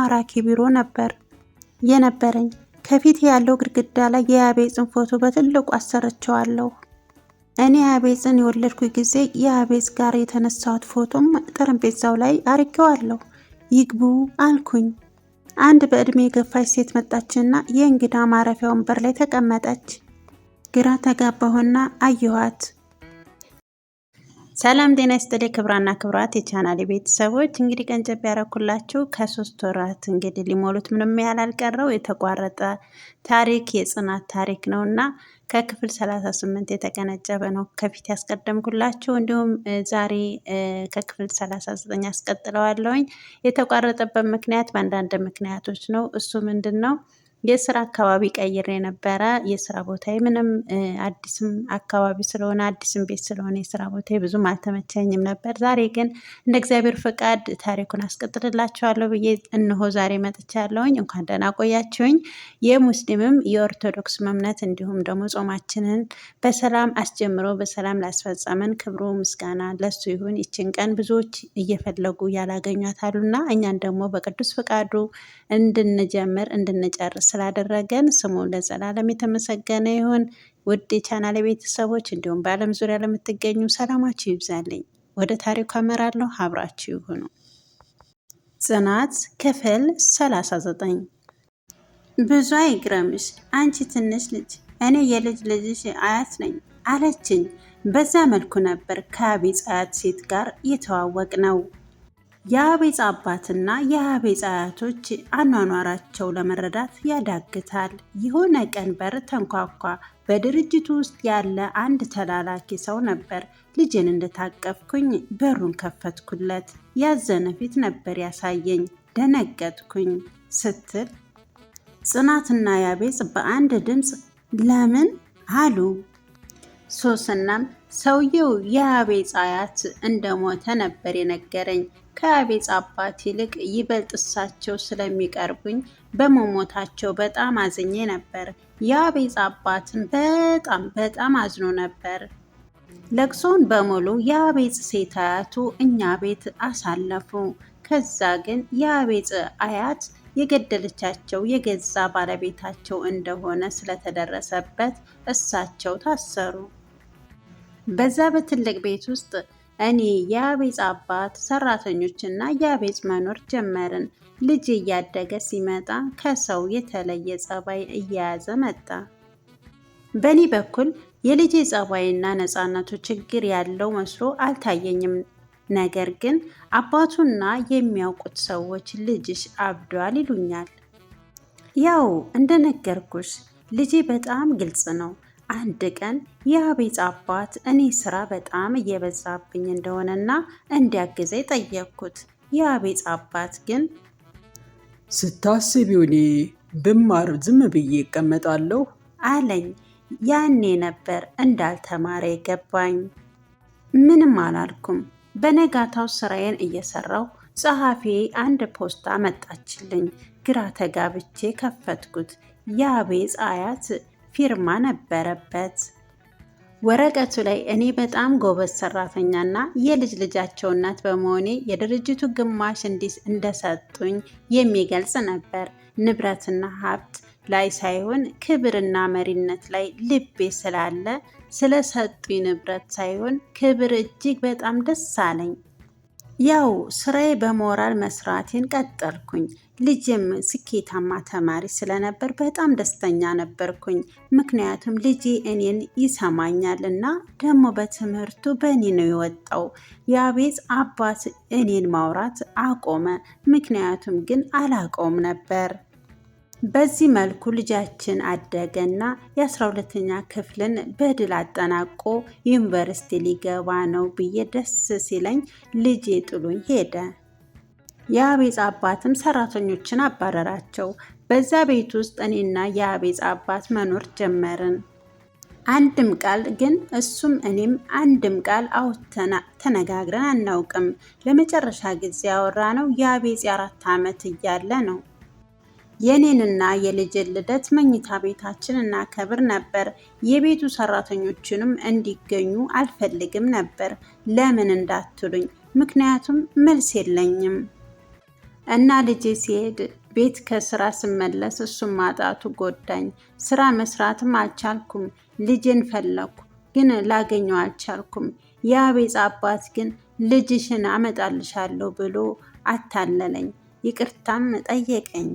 ማራኪ ቢሮ ነበር የነበረኝ። ከፊት ያለው ግድግዳ ላይ የአቤጽን ፎቶ በትልቁ አሰርቸዋለሁ። እኔ አቤጽን የወለድኩ ጊዜ የአቤጽ ጋር የተነሳሁት ፎቶም ጠረጴዛው ላይ አርጌዋለሁ። ይግቡ አልኩኝ። አንድ በዕድሜ የገፋች ሴት መጣችና የእንግዳ ማረፊያ ወንበር ላይ ተቀመጠች። ግራ ተጋባሁና አየኋት። ሰላም ጤና ይስጥልኝ ክብራና ክብራት የቻናል ቤተሰቦች፣ እንግዲህ ቀንጨብ ያረኩላችሁ ከሶስት ወራት እንግዲህ ሊሞሉት ምንም ያላልቀረው የተቋረጠ ታሪክ የጽናት ታሪክ ነው እና ከክፍል 38 የተቀነጨበ ነው ከፊት ያስቀደምኩላችሁ። እንዲሁም ዛሬ ከክፍል 39 ያስቀጥለዋለሁኝ። የተቋረጠበት ምክንያት በአንዳንድ ምክንያቶች ነው። እሱ ምንድን ነው? የስራ አካባቢ ቀይሬ ነበረ። የስራ ቦታ ምንም አዲስም አካባቢ ስለሆነ አዲስም ቤት ስለሆነ የስራ ቦታ ብዙም አልተመቸኝም ነበር። ዛሬ ግን እንደ እግዚአብሔር ፈቃድ ታሪኩን አስቀጥልላችኋለሁ ብዬ እንሆ ዛሬ መጥቻለሁኝ። እንኳን ደህና ቆያችሁኝ። የሙስሊምም የኦርቶዶክስ እምነት እንዲሁም ደግሞ ጾማችንን በሰላም አስጀምሮ በሰላም ላስፈጸመን ክብሩ ምስጋና ለሱ ይሁን። ይችን ቀን ብዙዎች እየፈለጉ ያላገኟታሉና እኛን ደግሞ በቅዱስ ፈቃዱ እንድንጀምር እንድንጨርስ ስላደረገን ስሙ ለዘላለም የተመሰገነ ይሁን። ውድ የቻናል ቤተሰቦች እንዲሁም በዓለም ዙሪያ ለምትገኙ ሰላማችሁ ይብዛልኝ። ወደ ታሪኩ አመራለሁ፣ አብራችሁ ይሁኑ። ጽናት ክፍል 39። ብዙ አይግረምሽ አንቺ ትንሽ ልጅ፣ እኔ የልጅ ልጅሽ አያት ነኝ አለችኝ። በዛ መልኩ ነበር ከአቢጻያት ሴት ጋር የተዋወቅ ነው። የአቤፅ አባትና የአቤፅ አያቶች አኗኗራቸው ለመረዳት ያዳግታል። የሆነ ቀን በር ተንኳኳ። በድርጅቱ ውስጥ ያለ አንድ ተላላኪ ሰው ነበር። ልጅን እንደታቀፍኩኝ በሩን ከፈትኩለት። ያዘነ ፊት ነበር ያሳየኝ። ደነገጥኩኝ ስትል ጽናትና ያቤጽ በአንድ ድምፅ ለምን አሉ። ሶስናም ሰውየው የአቤፅ አያት እንደሞተ ነበር የነገረኝ። ከአቤጽ አባት ይልቅ ይበልጥ እሳቸው ስለሚቀርቡኝ በመሞታቸው በጣም አዝኜ ነበር። የአቤጽ አባትም በጣም በጣም አዝኖ ነበር። ለቅሶን በሙሉ የአቤጽ ሴት አያቱ እኛ ቤት አሳለፉ። ከዛ ግን የአቤጽ አያት የገደለቻቸው የገዛ ባለቤታቸው እንደሆነ ስለተደረሰበት እሳቸው ታሰሩ። በዛ በትልቅ ቤት ውስጥ እኔ የአቤጽ አባት ሰራተኞችና የአቤጽ መኖር ጀመርን። ልጅ እያደገ ሲመጣ ከሰው የተለየ ጸባይ እየያዘ መጣ። በእኔ በኩል የልጄ ጸባይና ነፃነቱ ችግር ያለው መስሎ አልታየኝም። ነገር ግን አባቱና የሚያውቁት ሰዎች ልጅሽ አብዷል ይሉኛል። ያው እንደነገርኩሽ ልጄ በጣም ግልጽ ነው። አንድ ቀን የአቤጽ አባት እኔ ስራ በጣም እየበዛብኝ እንደሆነና እንዲያግዘኝ ጠየቅኩት። የአቤጽ አባት ግን ስታስቢው እኔ ብማር ዝም ብዬ ይቀመጣለሁ አለኝ። ያኔ ነበር እንዳልተማረ የገባኝ። ምንም አላልኩም። በነጋታው ስራዬን እየሰራው ጸሐፊ አንድ ፖስታ መጣችልኝ። ግራ ተጋብቼ ከፈትኩት። የአቤጽ አያት ፊርማ ነበረበት። ወረቀቱ ላይ እኔ በጣም ጎበዝ ሰራተኛና የልጅ ልጃቸው እናት በመሆኔ የድርጅቱ ግማሽ እንዲስ እንደሰጡኝ የሚገልጽ ነበር። ንብረትና ሀብት ላይ ሳይሆን ክብርና መሪነት ላይ ልቤ ስላለ ስለሰጡኝ ንብረት ሳይሆን ክብር እጅግ በጣም ደስ አለኝ። ያው ስራዬ በሞራል መስራቴን ቀጠልኩኝ። ልጅም ስኬታማ ተማሪ ስለነበር በጣም ደስተኛ ነበርኩኝ። ምክንያቱም ልጄ እኔን ይሰማኛል እና ደግሞ በትምህርቱ በእኔ ነው የወጣው። የአቤዝ አባት እኔን ማውራት አቆመ። ምክንያቱም ግን አላቀውም ነበር በዚህ መልኩ ልጃችን አደገና የአስራ ሁለተኛ ክፍልን በድል አጠናቆ ዩኒቨርሲቲ ሊገባ ነው ብዬ ደስ ሲለኝ ልጅ ጥሎኝ ሄደ። የአቤጽ አባትም ሰራተኞችን አባረራቸው። በዛ ቤት ውስጥ እኔና የአቤጽ አባት መኖር ጀመርን። አንድም ቃል ግን እሱም እኔም አንድም ቃል አውተና ተነጋግረን አናውቅም። ለመጨረሻ ጊዜ ያወራ ነው የአቤጽ የአራት ዓመት እያለ ነው። የኔንና የልጅን ልደት መኝታ ቤታችን እናከብር ነበር። የቤቱ ሰራተኞችንም እንዲገኙ አልፈልግም ነበር። ለምን እንዳትሉኝ፣ ምክንያቱም መልስ የለኝም እና ልጄ ሲሄድ ቤት ከስራ ስመለስ እሱም ማጣቱ ጎዳኝ። ስራ መስራትም አልቻልኩም። ልጅን ፈለግኩ ግን ላገኘው አልቻልኩም። የአቤጽ አባት ግን ልጅሽን አመጣልሻለሁ ብሎ አታለለኝ። ይቅርታም ጠየቀኝ።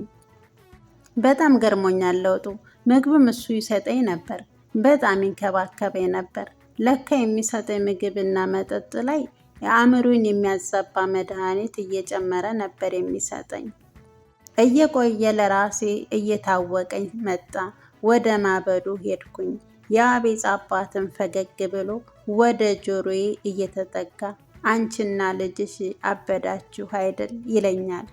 በጣም ገርሞኛል ለውጡ። ምግብም እሱ ይሰጠኝ ነበር፣ በጣም ይንከባከበኝ ነበር። ለካ የሚሰጠኝ ምግብና መጠጥ ላይ የአእምሮን የሚያዛባ መድኃኒት እየጨመረ ነበር የሚሰጠኝ። እየቆየ ለራሴ እየታወቀኝ መጣ። ወደ ማበዱ ሄድኩኝ። የአቤጽ አባትን ፈገግ ብሎ ወደ ጆሮዬ እየተጠጋ አንቺና ልጅሽ አበዳችሁ አይደል ይለኛል።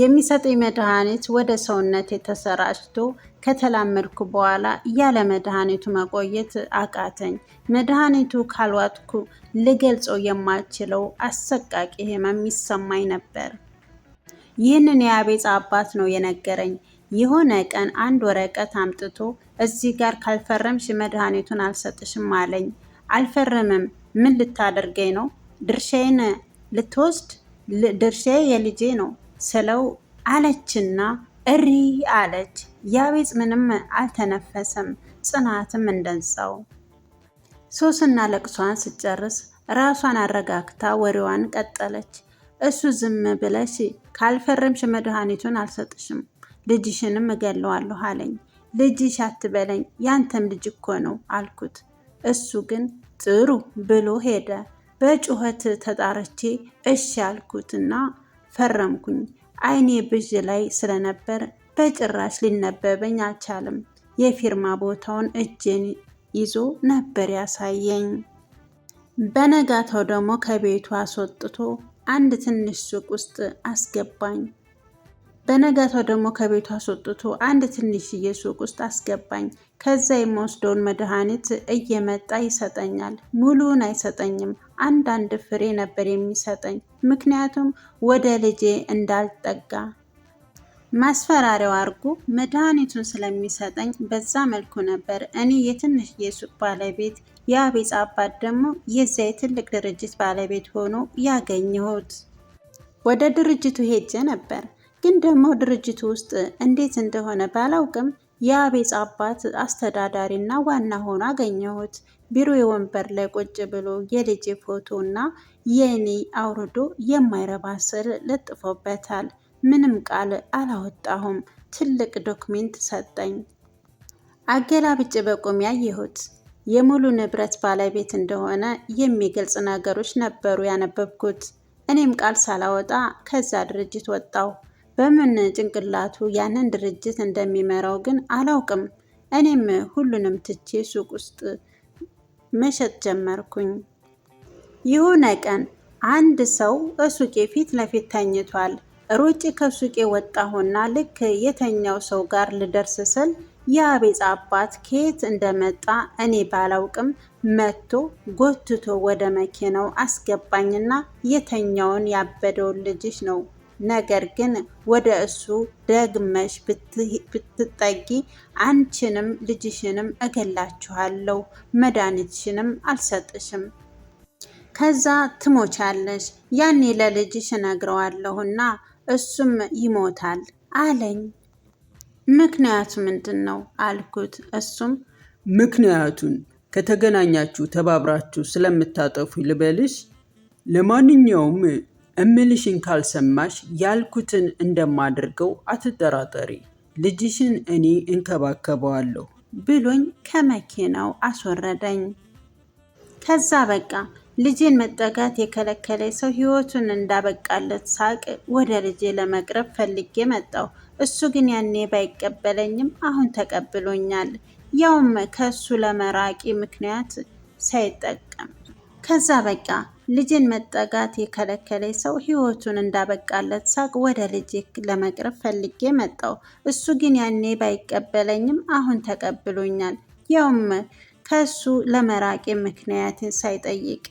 የሚሰጠኝ መድኃኒት ወደ ሰውነት ተሰራጭቶ ከተላመድኩ በኋላ ያለ መድኃኒቱ መቆየት አቃተኝ። መድኃኒቱ ካልዋጥኩ ልገልጸው የማልችለው አሰቃቂ ሕመም ይሰማኝ ነበር። ይህንን የአቤጽ አባት ነው የነገረኝ። የሆነ ቀን አንድ ወረቀት አምጥቶ እዚህ ጋር ካልፈረምሽ መድኃኒቱን አልሰጥሽም አለኝ። አልፈርምም። ምን ልታደርገኝ ነው? ድርሻዬን ልትወስድ? ድርሻዬ የልጄ ነው። ስለው አለችና እሪ አለች። ያቤጽ ምንም አልተነፈሰም፣ ጽናትም እንደዛው። ሶስና ለቅሷን ስጨርስ ራሷን አረጋግታ ወሬዋን ቀጠለች። እሱ ዝም ብለሽ ካልፈረምሽ መድኃኒቱን አልሰጥሽም፣ ልጅሽንም እገለዋለሁ አለኝ። ልጅሽ አትበለኝ ያንተም ልጅ እኮ ነው አልኩት። እሱ ግን ጥሩ ብሎ ሄደ። በጩኸት ተጣረቼ እሺ አልኩትና ፈረምኩኝ። አይኔ ብዥ ላይ ስለነበር በጭራሽ ሊነበበኝ አልቻለም። የፊርማ ቦታውን እጄን ይዞ ነበር ያሳየኝ። በነጋታው ደግሞ ከቤቱ አስወጥቶ አንድ ትንሽ ሱቅ ውስጥ አስገባኝ። በነጋታው ደግሞ ከቤቱ አስወጥቶ አንድ ትንሽዬ ሱቅ ውስጥ አስገባኝ። ከዛ የምወስደውን መድኃኒት እየመጣ ይሰጠኛል። ሙሉውን አይሰጠኝም፣ አንዳንድ ፍሬ ነበር የሚሰጠኝ። ምክንያቱም ወደ ልጄ እንዳልጠጋ ማስፈራሪያው አድርጎ መድኃኒቱን ስለሚሰጠኝ በዛ መልኩ ነበር እኔ የትንሽዬ ሱቅ ባለቤት የአቤጽ አባት ደግሞ የዚያ የትልቅ ድርጅት ባለቤት ሆኖ ያገኘሁት። ወደ ድርጅቱ ሄጄ ነበር ግን ደግሞ ድርጅቱ ውስጥ እንዴት እንደሆነ ባላውቅም የአቤጽ አባት አስተዳዳሪ እና ዋና ሆኖ አገኘሁት። ቢሮ የወንበር ላይ ቁጭ ብሎ የልጄ ፎቶ እና የእኔ አውርዶ የማይረባ ስዕል ለጥፎበታል። ምንም ቃል አላወጣሁም። ትልቅ ዶክሜንት ሰጠኝ። ብጭ በቁም ያየሁት የሙሉ ንብረት ባለቤት እንደሆነ የሚገልጽ ነገሮች ነበሩ ያነበብኩት። እኔም ቃል ሳላወጣ ከዛ ድርጅት ወጣሁ። በምን ጭንቅላቱ ያንን ድርጅት እንደሚመራው ግን አላውቅም። እኔም ሁሉንም ትቼ ሱቅ ውስጥ መሸጥ ጀመርኩኝ። የሆነ ቀን አንድ ሰው እሱቄ ፊት ለፊት ተኝቷል። ሩጭ ከሱቄ ወጣሁና ልክ የተኛው ሰው ጋር ልደርስ ስል የአቤጽ አባት ከየት እንደመጣ እኔ ባላውቅም መጥቶ ጎትቶ ወደ መኪናው አስገባኝና የተኛውን ያበደውን ልጅሽ ነው ነገር ግን ወደ እሱ ደግመሽ ብትጠጊ አንቺንም ልጅሽንም እገላችኋለሁ፣ መድኃኒትሽንም አልሰጥሽም፣ ከዛ ትሞቻለሽ። ያኔ ለልጅሽ እነግረዋለሁና እሱም ይሞታል አለኝ። ምክንያቱ ምንድን ነው አልኩት። እሱም ምክንያቱን ከተገናኛችሁ ተባብራችሁ ስለምታጠፉ ልበልሽ ለማንኛውም እምልሽን ካልሰማሽ ያልኩትን እንደማደርገው አትጠራጠሪ፣ ልጅሽን እኔ እንከባከበዋለሁ ብሎኝ ከመኪናው አስወረደኝ። ከዛ በቃ ልጄን መጠጋት የከለከለ ሰው ህይወቱን እንዳበቃለት ሳቅ ወደ ልጄ ለመቅረብ ፈልጌ መጣው እሱ ግን ያኔ ባይቀበለኝም አሁን ተቀብሎኛል። ያውም ከእሱ ለመራቂ ምክንያት ሳይጠቀም ከዛ በቃ ልጅን መጠጋት የከለከለ ሰው ህይወቱን እንዳበቃለት ሳቅ ወደ ልጅ ለመቅረብ ፈልጌ መጣው። እሱ ግን ያኔ ባይቀበለኝም አሁን ተቀብሎኛል። ያውም ከእሱ ለመራቄ ምክንያትን ሳይጠይቅ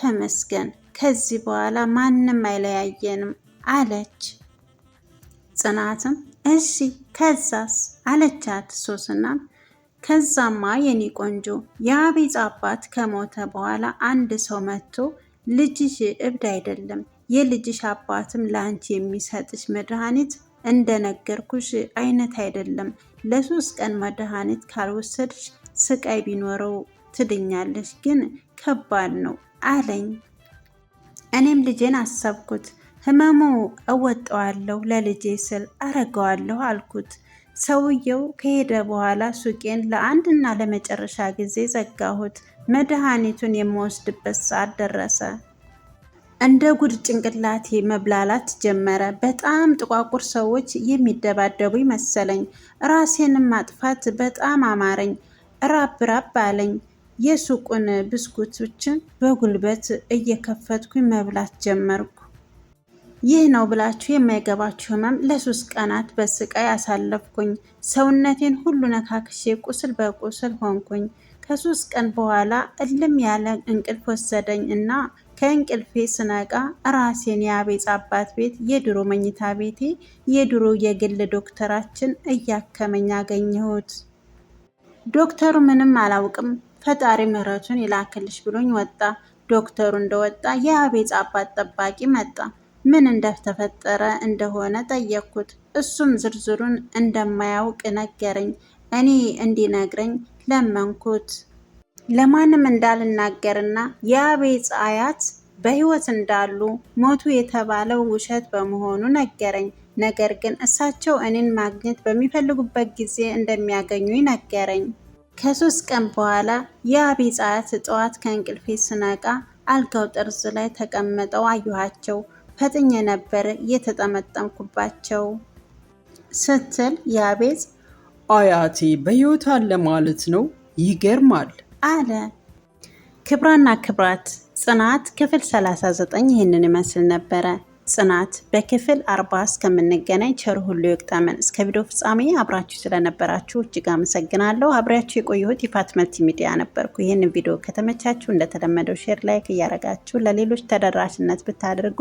ተመስገን። ከዚህ በኋላ ማንም አይለያየንም አለች። ጽናትም እሺ ከዛስ አለቻት ሶስናም ከዛማ የኔ ቆንጆ አባት ከሞተ በኋላ አንድ ሰው መጥቶ ልጅሽ እብድ አይደለም፣ የልጅሽ አባትም ለአንቺ የሚሰጥሽ መድኃኒት እንደነገርኩሽ አይነት አይደለም። ለሶስት ቀን መድኃኒት ካልወሰድሽ ስቃይ ቢኖረው ትድኛለሽ፣ ግን ከባድ ነው አለኝ። እኔም ልጄን አሰብኩት። ህመሙ እወጠዋለሁ፣ ለልጄ ስል አረገዋለሁ አልኩት። ሰውየው ከሄደ በኋላ ሱቄን ለአንድና ለመጨረሻ ጊዜ ዘጋሁት። መድኃኒቱን የምወስድበት ሰዓት ደረሰ። እንደ ጉድ ጭንቅላቴ መብላላት ጀመረ። በጣም ጥቋቁር ሰዎች የሚደባደቡ መሰለኝ። ራሴንም ማጥፋት በጣም አማረኝ። ራብ ራብ አለኝ። የሱቁን ብስኩቶችን በጉልበት እየከፈትኩኝ መብላት ጀመርኩ። ይህ ነው ብላችሁ የማይገባችሁ ህመም ለሶስት ቀናት በስቃይ አሳለፍኩኝ። ሰውነቴን ሁሉ ነካክሼ ቁስል በቁስል ሆንኩኝ። ከሶስት ቀን በኋላ እልም ያለ እንቅልፍ ወሰደኝ እና ከእንቅልፌ ስነቃ ራሴን የአቤጽ አባት ቤት የድሮ መኝታ ቤቴ የድሮ የግል ዶክተራችን እያከመኝ አገኘሁት። ዶክተሩ ምንም አላውቅም ፈጣሪ ምሕረቱን ይላክልሽ ብሎኝ ወጣ። ዶክተሩ እንደወጣ የአቤጽ አባት ጠባቂ መጣ። ምን እንደተፈጠረ እንደሆነ ጠየቅኩት። እሱም ዝርዝሩን እንደማያውቅ ነገረኝ። እኔ እንዲነግረኝ ለመንኩት። ለማንም እንዳልናገርና የአቤጽ አያት በሕይወት እንዳሉ ሞቱ የተባለው ውሸት በመሆኑ ነገረኝ። ነገር ግን እሳቸው እኔን ማግኘት በሚፈልጉበት ጊዜ እንደሚያገኙ ነገረኝ። ከሶስት ቀን በኋላ የአቤጽ አያት ጠዋት ከእንቅልፌ ስነቃ አልጋው ጠርዝ ላይ ተቀምጠው አየኋቸው። ፈጥኜ ነበር እየተጠመጠምኩባቸው ስትል ያቤዝ አያቴ በሕይወት አለ ማለት ነው፣ ይገርማል አለ። ክብራና ክብራት ጽናት ክፍል 39 ይህንን ይመስል ነበረ። ጽናት በክፍል አርባ እስከምንገናኝ ቸር ሁሉ ይቅጠመን። እስከ ቪዲዮ ፍጻሜ አብራችሁ ስለነበራችሁ እጅግ አመሰግናለሁ። አብሬያችሁ የቆየሁት ይፋት መልቲ ሚዲያ ነበርኩ። ይህን ቪዲዮ ከተመቻችሁ እንደተለመደው ሼር፣ ላይክ እያደረጋችሁ ለሌሎች ተደራሽነት ብታደርጉ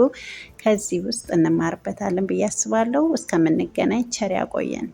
ከዚህ ውስጥ እንማርበታለን ብዬ አስባለሁ። እስከምንገናኝ ቸር ያቆየን።